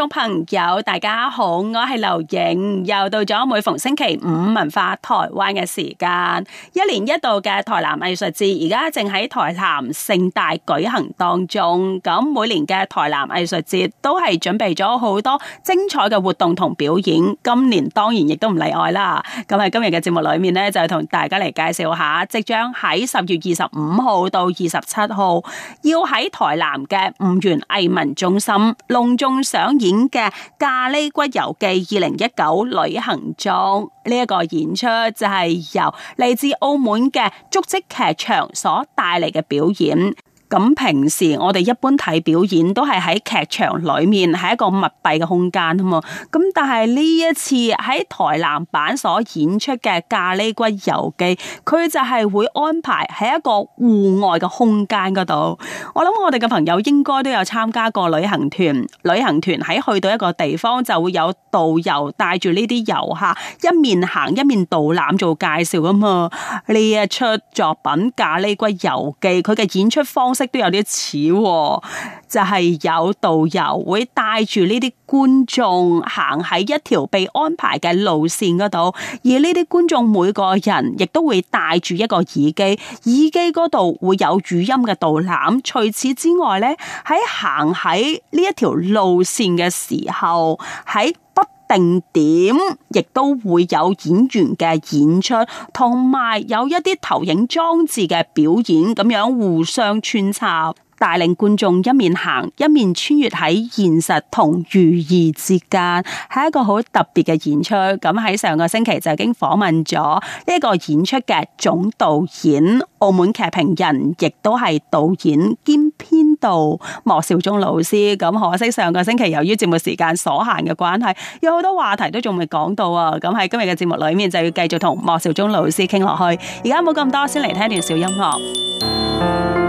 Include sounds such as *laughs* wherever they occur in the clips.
觀眾朋友，大家好，我係劉影，又到咗每逢星期五文化台灣嘅時間，一年一度嘅台南藝術節而家正喺台南盛大舉行當中。咁每年嘅台南藝術節都係準備咗好多精彩嘅活動同表演，今年當然亦都唔例外啦。咁喺今日嘅節目裏面咧，就同大家嚟介紹下，即將喺十月二十五號到二十七號，要喺台南嘅吳園藝文中心隆重上演。嘅《咖喱骨遊記》二零一九旅行中，呢一個演出就係由嚟自澳門嘅足跡劇場所帶嚟嘅表演。咁平時我哋一般睇表演都係喺劇場裏面，係一個密閉嘅空間啊嘛。咁但係呢一次喺台南版所演出嘅《咖喱骨遊記》，佢就係會安排喺一個戶外嘅空間度。我諗我哋嘅朋友應該都有參加過旅行團旅行團，喺去到一個地方就會有導遊帶住呢啲遊客一面行一面導覽做介紹啊嘛。呢一出作品《咖喱骨遊記》，佢嘅演出方式。都有啲似，哦，就係、是，有導遊會帶住呢啲觀眾行喺一條被安排嘅路線嗰度，而呢啲觀眾每個人亦都會帶住一個耳機，耳機嗰度會有語音嘅導覽。除此之外呢，喺行喺呢一條路線嘅時候，喺不。定點亦都會有演員嘅演出，同埋有一啲投影裝置嘅表演，咁樣互相穿插。帶領觀眾一面行一面穿越喺現實同寓意之間，係一個好特別嘅演出。咁喺上個星期就已經訪問咗呢個演出嘅總導演、澳門劇評人，亦都係導演兼編導莫少忠老師。咁可惜上個星期由於節目時間所限嘅關係，有好多話題都仲未講到啊。咁喺今日嘅節目裏面就要繼續同莫少忠老師傾落去。而家冇咁多，先嚟聽一段小音樂。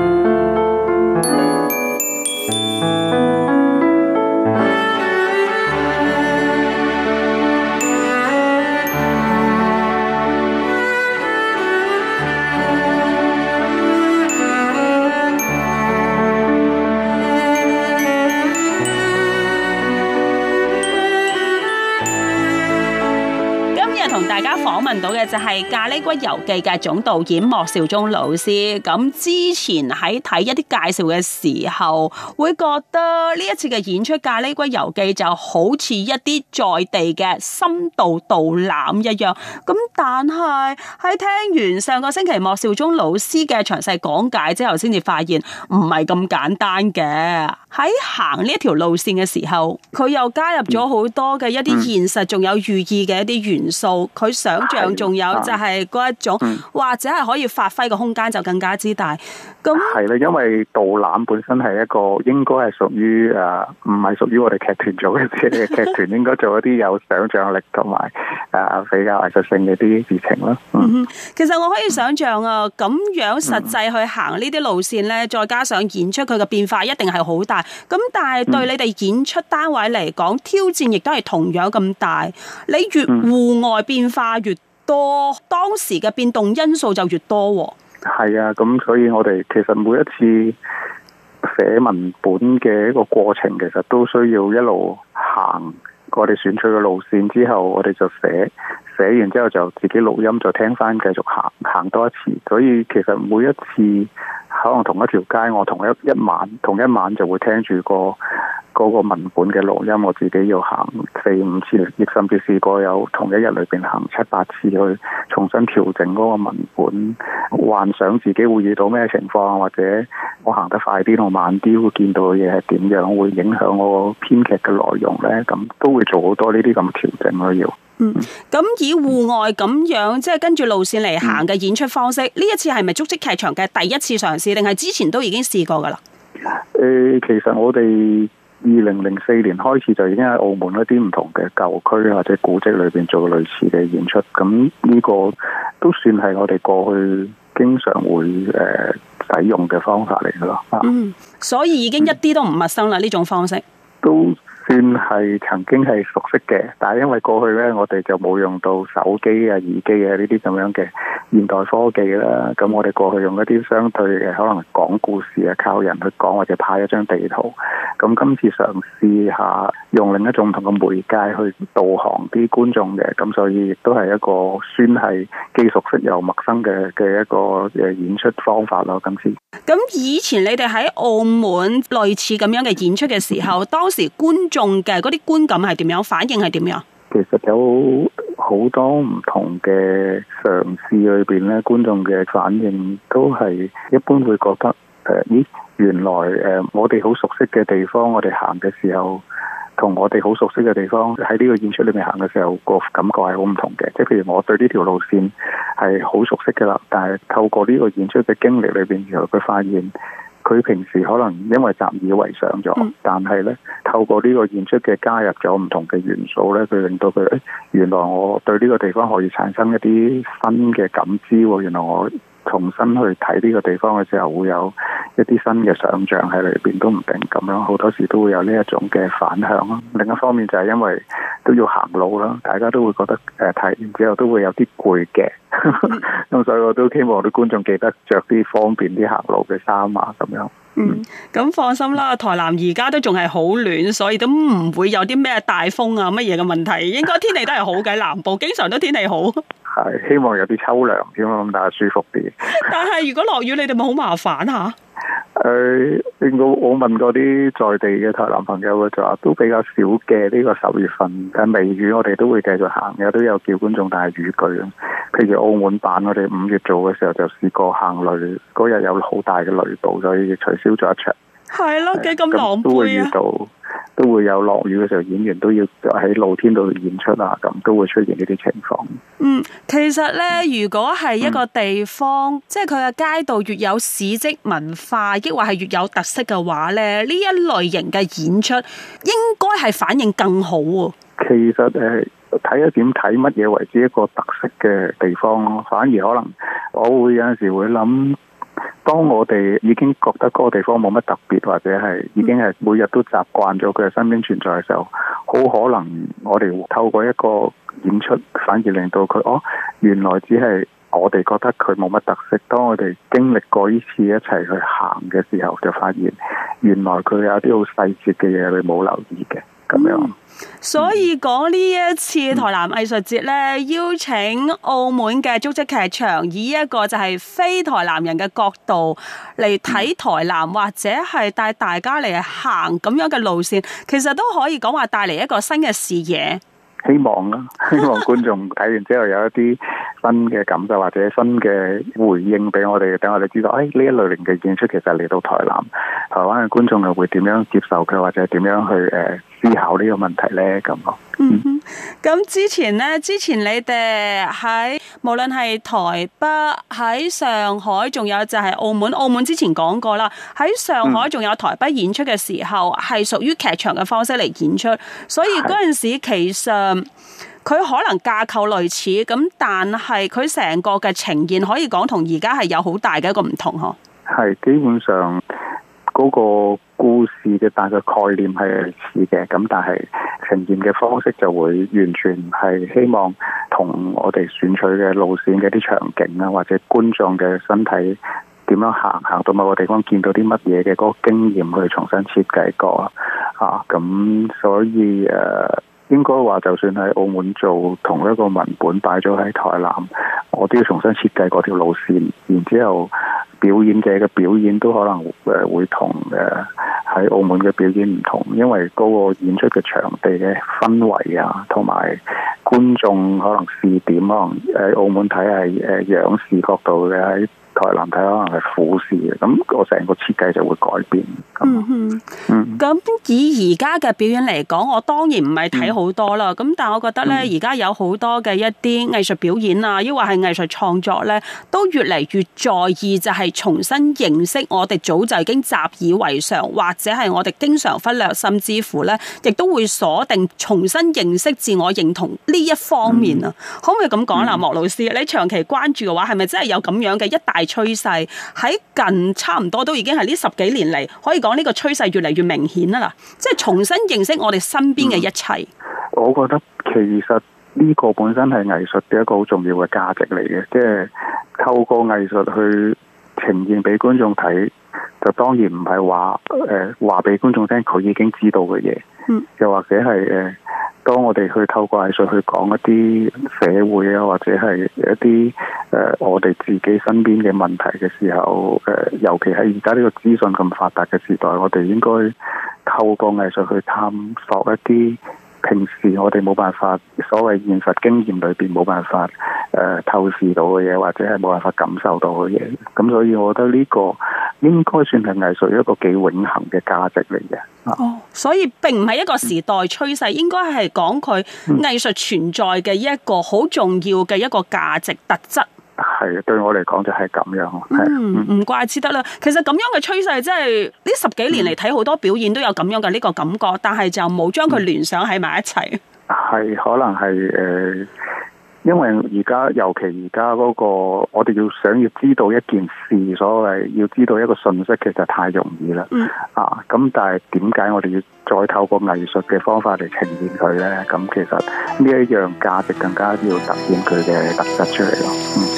到嘅就係《咖喱骨遊記》嘅總導演莫少忠老師。咁之前喺睇一啲介紹嘅時候，會覺得呢一次嘅演出《咖喱骨遊記》就好似一啲在地嘅深度導覽一樣。咁但係喺聽完上個星期莫少忠老師嘅詳細講解之後，先至發現唔係咁簡單嘅。喺行呢一條路線嘅時候，佢又加入咗好多嘅一啲現實，仲有寓意嘅一啲元素。佢想象。仲有就係嗰一種，啊嗯、或者係可以發揮嘅空間就更加之大。咁係啦，因為導覽本身係一個應該係屬於誒唔係屬於我哋劇團做嘅，劇團應該做一啲有想象力同埋誒比較藝術性嘅啲事情咯。嗯、嗯，其實我可以想象啊，咁樣、嗯、實際去行呢啲路線咧，再加上演出佢嘅變化，一定係好大。咁但係對你哋演出單位嚟講，嗯、挑戰亦都係同樣咁大。你越戶外變化越多當時嘅變動因素就越多哦。係啊，咁所以我哋其實每一次寫文本嘅一個過程，其實都需要一路行我哋選取嘅路線之後，我哋就寫。寫完之後就自己錄音，就聽翻，繼續行行多一次。所以其實每一次可能同一條街，我同一一晚同一晚就會聽住、嗰個、嗰個文本嘅錄音，我自己要行四五次，亦甚至試過有同一日裏邊行七八次去重新調整嗰個文本。幻想自己會遇到咩情況，或者我行得快啲同慢啲，會見到嘅嘢係點樣，會影響我編劇嘅內容呢。咁都會做好多呢啲咁調整咯，要。嗯，咁、嗯嗯、以戶外咁樣、嗯、即係跟住路線嚟行嘅演出方式，呢、嗯、一次係咪足跡劇場嘅第一次嘗試，定係之前都已經試過噶啦？誒、呃，其實我哋二零零四年開始就已經喺澳門一啲唔同嘅舊區或者古跡裏邊做類似嘅演出，咁呢個都算係我哋過去經常會誒、呃、使用嘅方法嚟噶啦嗯，嗯所以已經一啲都唔陌生啦呢種方式。嗯、都。算係曾經係熟悉嘅，但係因為過去呢，我哋就冇用到手機啊、耳機啊呢啲咁樣嘅現代科技啦。咁我哋過去用一啲相對嘅可能講故事啊，靠人去講或者派一張地圖。咁今次嘗試下用另一種唔同嘅媒介去導航啲觀眾嘅，咁所以亦都係一個算係既熟悉又陌生嘅嘅一個誒演出方法咯。今次咁以前你哋喺澳門類似咁樣嘅演出嘅時候，嗯、當時觀觀眾嘅嗰啲觀感係點樣？反應係點樣？其實有好多唔同嘅嘗試裏邊咧，觀眾嘅反應都係一般會覺得誒，咦、呃，原來誒，我哋好熟悉嘅地方，我哋行嘅時候，同我哋好熟悉嘅地方喺呢個演出裏面行嘅時候，個感覺係好唔同嘅。即係譬如我對呢條路線係好熟悉嘅啦，但係透過呢個演出嘅經歷裏邊，然後佢發現。佢平時可能因為習以為常咗，但係呢透過呢個演出嘅加入咗唔同嘅元素呢，佢令到佢、哎，原來我對呢個地方可以產生一啲新嘅感知喎、哦。原來我重新去睇呢個地方嘅時候，會有一啲新嘅想象喺裏邊都唔定咁樣，好多時都會有呢一種嘅反響咯。另一方面就係因為。都要行路啦，大家都會覺得誒睇、呃、完之後，都會有啲攰嘅，咁、 *laughs* 嗯、 *laughs* 所以我都希望啲觀眾記得着啲方便啲行路嘅衫啊，咁樣。嗯、咁、嗯、放心啦，台南而家都仲係好暖，所以都唔會有啲咩大風啊乜嘢嘅問題，應該天氣都係好嘅， *laughs* 南部經常都天氣好。係，希望有啲秋涼啲咯，咁大家舒服啲。 *laughs* 但係如果落雨，你哋咪好麻煩啊。誒、呃，我我問啲在地嘅台南朋友嘅就話都比較少嘅，呢個十月份，但微雨，我哋都會繼續行嘅，都有叫觀眾帶雨具。譬如澳門版，我哋五月做嘅時候就試過行雷，嗰日有好大嘅雷暴，所以取消咗一場。係咯，幾咁狼狽啊！都會遇到，都會有落雨嘅時候，演員都要喺露天度演出啊！咁都會出現呢啲情況。嗯，其實呢，如果係一個地方，嗯、即係佢嘅街道越有史跡文化，抑或係越有特色嘅話呢，呢一類型嘅演出應該係反應更好。其實誒，睇、呃、一點睇乜嘢為之一個特色嘅地方，反而可能我會有時會諗。當我哋已經覺得嗰個地方冇乜特別，或者係已經係每日都習慣咗佢喺身邊存在嘅時候，好可能我哋透過一個演出，反而令到佢哦，原來只係我哋覺得佢冇乜特色。當我哋經歷過呢次一齊去行嘅時候，就發現原來佢有啲好細節嘅嘢，你冇留意嘅。咁樣、嗯，所以講呢一次台南藝術節咧，邀請澳門嘅足跡劇場，以一個就係非台南人嘅角度嚟睇台南，嗯、或者係帶大家嚟行咁樣嘅路線，其實都可以講話帶嚟一個新嘅視野。希望啦、啊，希望觀眾睇完之後有一啲新嘅感受或者新嘅回應俾我哋，等我哋知道，哎，呢一類型嘅演出其實嚟到台南，台灣嘅觀眾又會點樣接受佢，或者點樣去誒？呃思考呢個問題呢，咁咯。嗯，咁之前呢，之前你哋喺無論係台北喺上海，仲有就係澳門，澳門之前講過啦。喺上海仲有台北演出嘅時候，係屬於劇場嘅方式嚟演出，所以嗰陣時其實佢是可能架構類似，咁但係佢成個嘅呈現可以講同而家係有好大嘅一個唔同，嗬？係基本上。嗰個故事嘅大概概念係似嘅，咁但係呈現嘅方式就會完全係希望同我哋選取嘅路線嘅啲場景啊，或者觀眾嘅身體點樣行行到某個地方，見到啲乜嘢嘅嗰個經驗去重新設計過啊，嚇！咁所以誒。呃應該話，就算喺澳門做同一個文本擺咗喺台南，我都要重新設計嗰條路線，然之後表演者嘅表演都可能誒會同誒喺澳門嘅表演唔同，因為嗰個演出嘅場地嘅氛圍啊，同埋觀眾可能視點可能喺澳門睇係誒仰視角度嘅喺。可能係苦事嘅，咁我成個設計就會改變。咁以而家嘅表演嚟講，我當然唔係睇好多啦。咁但係我覺得咧，而家有好多嘅一啲藝術表演啊，抑或係藝術創作咧，都越嚟越在意就係重新認識我哋早就已經習以為常，或者係我哋經常忽略，甚至乎咧亦都會鎖定重新認識自我認同呢一方面啊。可唔可以咁講啦，莫老師？你長期關注嘅話，係咪真係有咁樣嘅一大趨勢喺近差唔多都已經係呢十幾年嚟，可以講呢個趨勢越嚟越明顯啦。即係重新認識我哋身邊嘅一切。我覺得其實呢個本身係藝術嘅一個好重要嘅價值嚟嘅，即係透過藝術去呈現俾觀眾睇。就當然唔係話誒、呃、話俾觀眾聽佢已經知道嘅嘢，嗯、又或者係誒、呃，當我哋去透過藝術去講一啲社會啊，或者係一啲誒、呃、我哋自己身邊嘅問題嘅時候，誒、呃，尤其係而家呢個資訊咁發達嘅時代，我哋應該透過藝術去探索一啲平時我哋冇辦法所謂現實經驗裏邊冇辦法誒、呃、透視到嘅嘢，或者係冇辦法感受到嘅嘢。咁所以我覺得呢、這個。應該算係藝術一個幾永恆嘅價值嚟嘅。哦，所以並唔係一個時代趨勢，嗯、應該係講佢藝術存在嘅一個好重要嘅一個價值特質。係，對我嚟講就係咁樣。嗯，唔怪之得啦。其實咁樣嘅趨勢，即係呢十幾年嚟睇好多表演都有咁樣嘅呢個感覺，但係就冇將佢聯想喺埋一齊。係、嗯，可能係誒。呃因為而家尤其而家嗰個，我哋要想要知道一件事，所謂要知道一個信息，其實太容易啦。嗯、啊，咁但係點解我哋要再透過藝術嘅方法嚟呈現佢呢？咁、嗯、其實呢一樣價值更加要凸顯佢嘅特色出嚟咯。嗯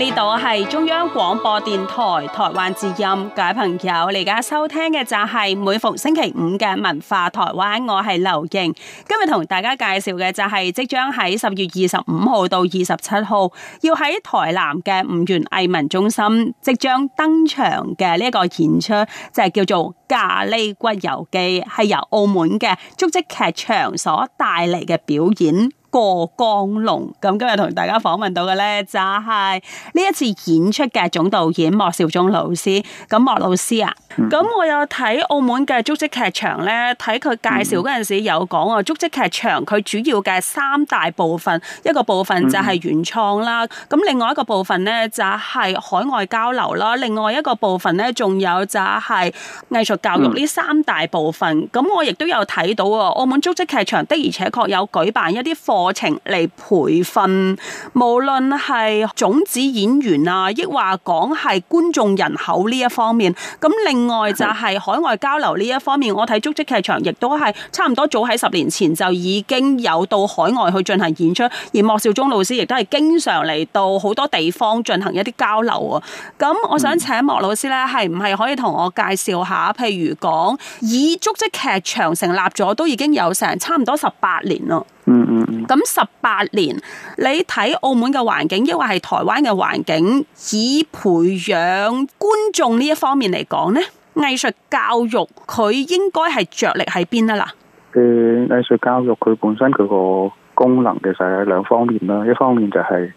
呢度係中央廣播電台台灣之音，各位朋友，你而家收聽嘅就係每逢星期五嘅文化台灣，我係劉瑩。今日同大家介紹嘅就係即將喺十月二十五號到二十七號，要喺台南嘅吳園藝文中心即將登場嘅呢一個演出，就係叫做《咖喱骨遊記》，係由澳門嘅足跡劇場所帶嚟嘅表演。過江龍咁今日同大家訪問到嘅咧就係呢一次演出嘅總導演莫兆忠老師。咁莫老師啊，咁、嗯、我有睇澳門嘅足跡劇場咧，睇佢介紹陣時有講啊，足跡劇場佢主要嘅三大部分，嗯、一個部分就係原創啦，咁、嗯、另外一個部分咧就係海外交流啦，另外一個部分咧仲有就係藝術教育呢三大部分。咁、嗯、我亦都有睇到澳門足跡劇場的而且確有舉辦一啲課。過程嚟培訓，無論係種子演員啊，亦話講係觀眾人口呢一方面。咁另外就係海外交流呢一方面，我睇足跡劇場亦都係差唔多早喺十年前就已經有到海外去進行演出，而莫少忠老師亦都係經常嚟到好多地方進行一啲交流啊。咁我想請莫老師咧，係唔係可以同我介紹下，譬如講以足跡劇場成立咗都已經有成差唔多十八年啦。嗯嗯嗯，咁十八年，你睇澳門嘅環境，抑或係台灣嘅環境，以培養觀眾呢一方面嚟講呢，藝術教育佢應該係着力喺邊得啦？誒、呃，藝術教育佢本身佢個功能其實係兩方面啦，一方面就係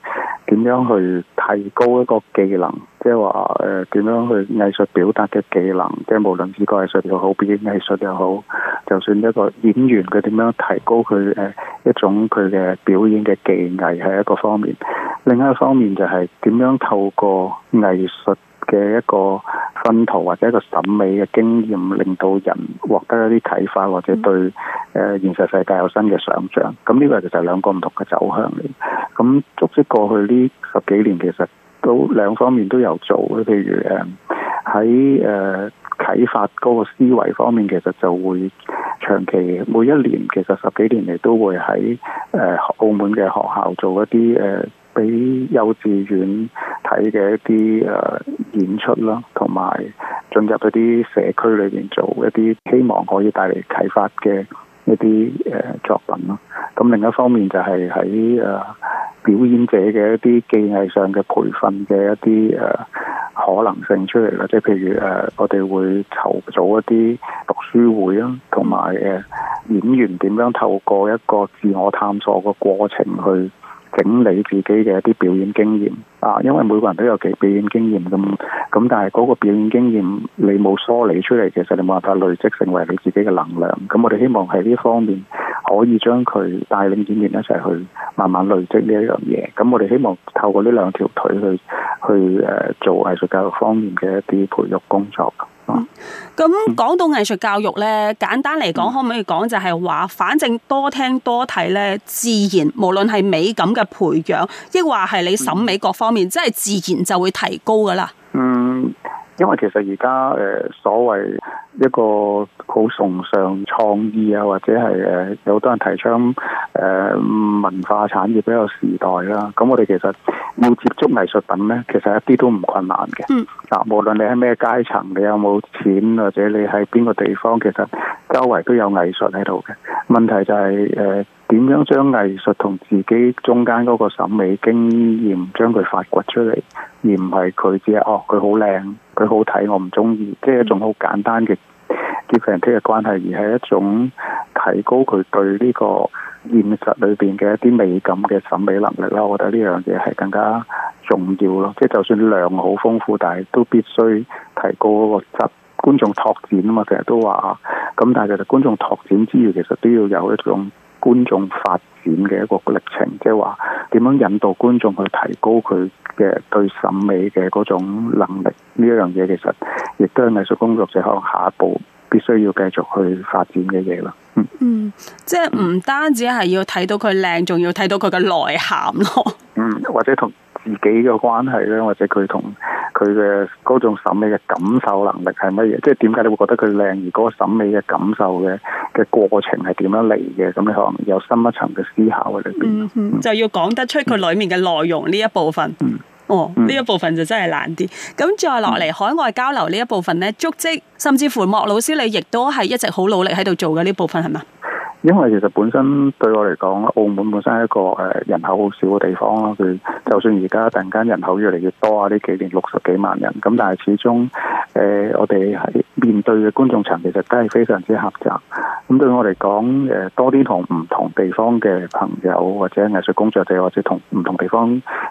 點樣去提高一個技能，即係話誒點樣去藝術表達嘅技能，即係無論係個藝術又好，表演藝術又好，就算一個演員佢點樣提高佢誒。呃一種佢嘅表演嘅技藝係一個方面，另一個方面就係點樣透過藝術嘅一個薰陶或者一個審美嘅經驗，令到人獲得一啲啟發或者對誒現實世界有新嘅想像。咁呢個其實就兩個唔同嘅走向嚟。咁足跡過去呢十幾年，其實都兩方面都有做嘅，譬如誒。喺誒啟發嗰個思維方面，其實就會長期每一年，其實十幾年嚟都會喺誒、呃、澳門嘅學校做一啲誒俾幼稚園睇嘅一啲誒、呃、演出啦，同埋進入一啲社區裏邊做一啲希望可以帶嚟啟發嘅一啲誒、呃、作品咯。咁另一方面就係喺誒表演者嘅一啲技藝上嘅培訓嘅一啲誒。呃可能性出嚟啦，即係譬如誒、呃，我哋會籌組一啲讀書會啊，同埋誒演員點樣透過一個自我探索個過程去整理自己嘅一啲表演經驗啊，因為每個人都有幾表演經驗咁，咁但係嗰個表演經驗你冇梳理出嚟，其實你冇辦法累積成為你自己嘅能量。咁我哋希望喺呢方面。可以將佢帶領演員一齊去慢慢累積呢一樣嘢。咁我哋希望透過呢兩條腿去去誒做藝術教育方面嘅一啲培育工作。嗯，咁講到藝術教育呢，簡單嚟講，嗯、可唔可以講就係話，反正多聽多睇呢，自然無論係美感嘅培養，亦話係你審美各方面，真係、嗯、自然就會提高噶啦。嗯，因為其實而家誒所謂一個。好崇尚創意啊，或者係誒、呃、有好多人提倡誒、呃、文化產業嘅一個時代啦、啊。咁我哋其實要接觸藝術品呢，其實一啲都唔困難嘅。嗱、嗯，無論你喺咩階層，你有冇錢，或者你喺邊個地方，其實周圍都有藝術喺度嘅。問題就係誒點樣將藝術同自己中間嗰個審美經驗將佢發掘出嚟，而唔係佢只係哦佢好靚，佢好睇，我唔鍾意，即係一種好簡單嘅。結成啲嘅關係，而係一種提高佢對呢個現實裏邊嘅一啲美感嘅審美能力啦。我覺得呢樣嘢係更加重要咯。即係就算量好豐富，但係都必須提高嗰個質，觀眾拓展啊嘛。其實都話啊，咁但係其實觀眾拓展之餘，其實都要有一種觀眾發展嘅一個歷程，即係話點樣引導觀眾去提高佢嘅對審美嘅嗰種能力呢？一樣嘢其實亦都係藝術工作者可能下一步。必須要繼續去發展嘅嘢咯。嗯，嗯，即係唔單止係要睇到佢靚，仲要睇到佢嘅內涵咯。嗯，或者同自己嘅關係咧，或者佢同佢嘅嗰種審美嘅感受能力係乜嘢？即係點解你會覺得佢靚？而嗰個審美嘅感受嘅嘅過程係點樣嚟嘅？咁你可能有深一層嘅思考喺裏邊。嗯嗯，就要講得出佢裏面嘅內容呢，嗯，一部分。嗯。哦，呢、嗯、一部分就真係難啲。咁再落嚟、嗯、海外交流呢一部分，呢足跡甚至乎莫老師你亦都係一直好努力喺度做嘅呢部分，係嘛？因為其實本身對我嚟講，澳門本身係一個誒人口好少嘅地方咯。佢就算而家突然間人口越嚟越多啊，呢幾年六十幾萬人，咁但係始終誒、呃、我哋喺面對嘅觀眾層其實都係非常之狹窄。咁對我嚟講，誒、呃、多啲同唔同地方嘅朋友或者藝術工作者，或者同唔同地方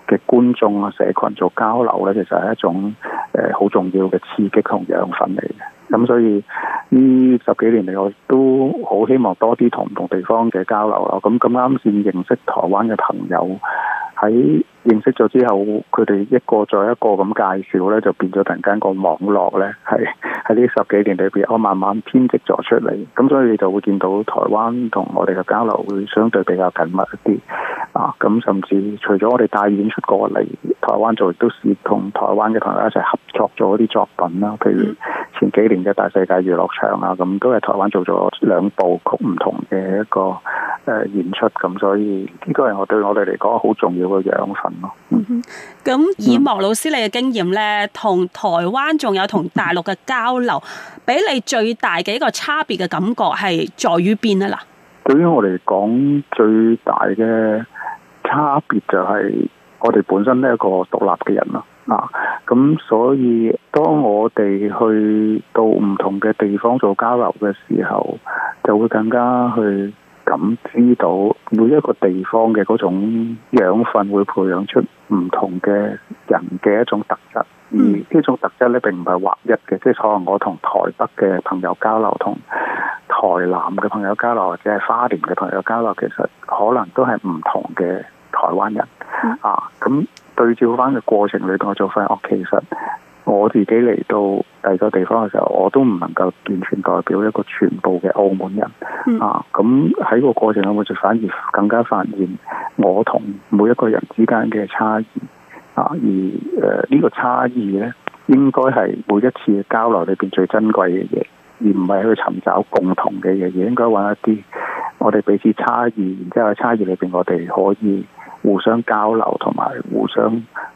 嘅觀眾啊社群做交流咧，其實係一種誒好重要嘅刺激同養分嚟嘅。咁所以呢十幾年嚟，我都好希望多啲同唔同地方嘅交流咯。咁咁啱先認識台灣嘅朋友，喺認識咗之後，佢哋一個再一個咁介紹咧，就變咗突然間個網絡咧，係喺呢十幾年裏邊，我慢慢編織咗出嚟。咁所以你就會見到台灣同我哋嘅交流會相對比較緊密一啲啊。咁甚至除咗我哋帶演出過嚟台灣做，亦都是同台灣嘅朋友一齊合作咗啲作品啦，譬如前幾年嘅大世界娛樂場啊，咁都係台灣做咗兩部曲唔同嘅一個誒演出咁，所以呢個係我對我哋嚟講好重要嘅養分咯。咁、嗯嗯、以莫老師你嘅經驗咧，同、嗯、台灣仲有同大陸嘅交流，俾你最大嘅一個差別嘅感覺係在於邊啊嗱？對於我嚟講，最大嘅差別就係我哋本身呢一個獨立嘅人咯。啊，咁所以當我哋去到唔同嘅地方做交流嘅時候，就會更加去感知到每一個地方嘅嗰種養分會培養出唔同嘅人嘅一種特質。而，呢種特質咧並唔係劃一嘅，即係可能我同台北嘅朋友交流，同台南嘅朋友交流，或者係花蓮嘅朋友交流，其實可能都係唔同嘅台灣人。啊，咁。對照翻嘅過程裏邊，我做返屋企。其實我自己嚟到第二個地方嘅時候，我都唔能夠完全代表一個全部嘅澳門人、嗯、啊。咁喺個過程裏我就反而更加發現我同每一個人之間嘅差異啊。而誒呢、呃這個差異呢，應該係每一次嘅交流裏邊最珍貴嘅嘢，而唔係去尋找共同嘅嘢，而應該揾一啲我哋彼此差異，然之後差異裏邊我哋可以。互相交流同埋互相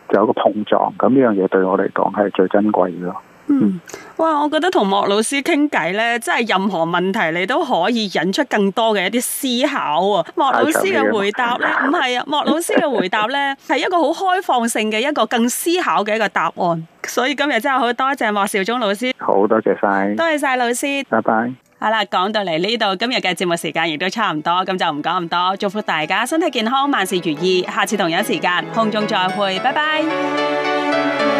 就有個碰撞，咁呢樣嘢對我嚟講係最珍貴嘅咯。嗯，哇！我覺得同莫老師傾偈呢，真係任何問題你都可以引出更多嘅一啲思考啊。莫老師嘅回,回答呢，唔係啊，莫老師嘅回答呢，係一個好開放性嘅一個更思考嘅一個答案。所以今日真係好多謝莫少宗老師。好多謝晒，多謝晒，老師，拜拜。好啦，講到嚟呢度，今日嘅節目時間亦都差唔多，咁就唔講咁多，祝福大家身體健康，萬事如意，下次同樣時間，空中再會，拜拜。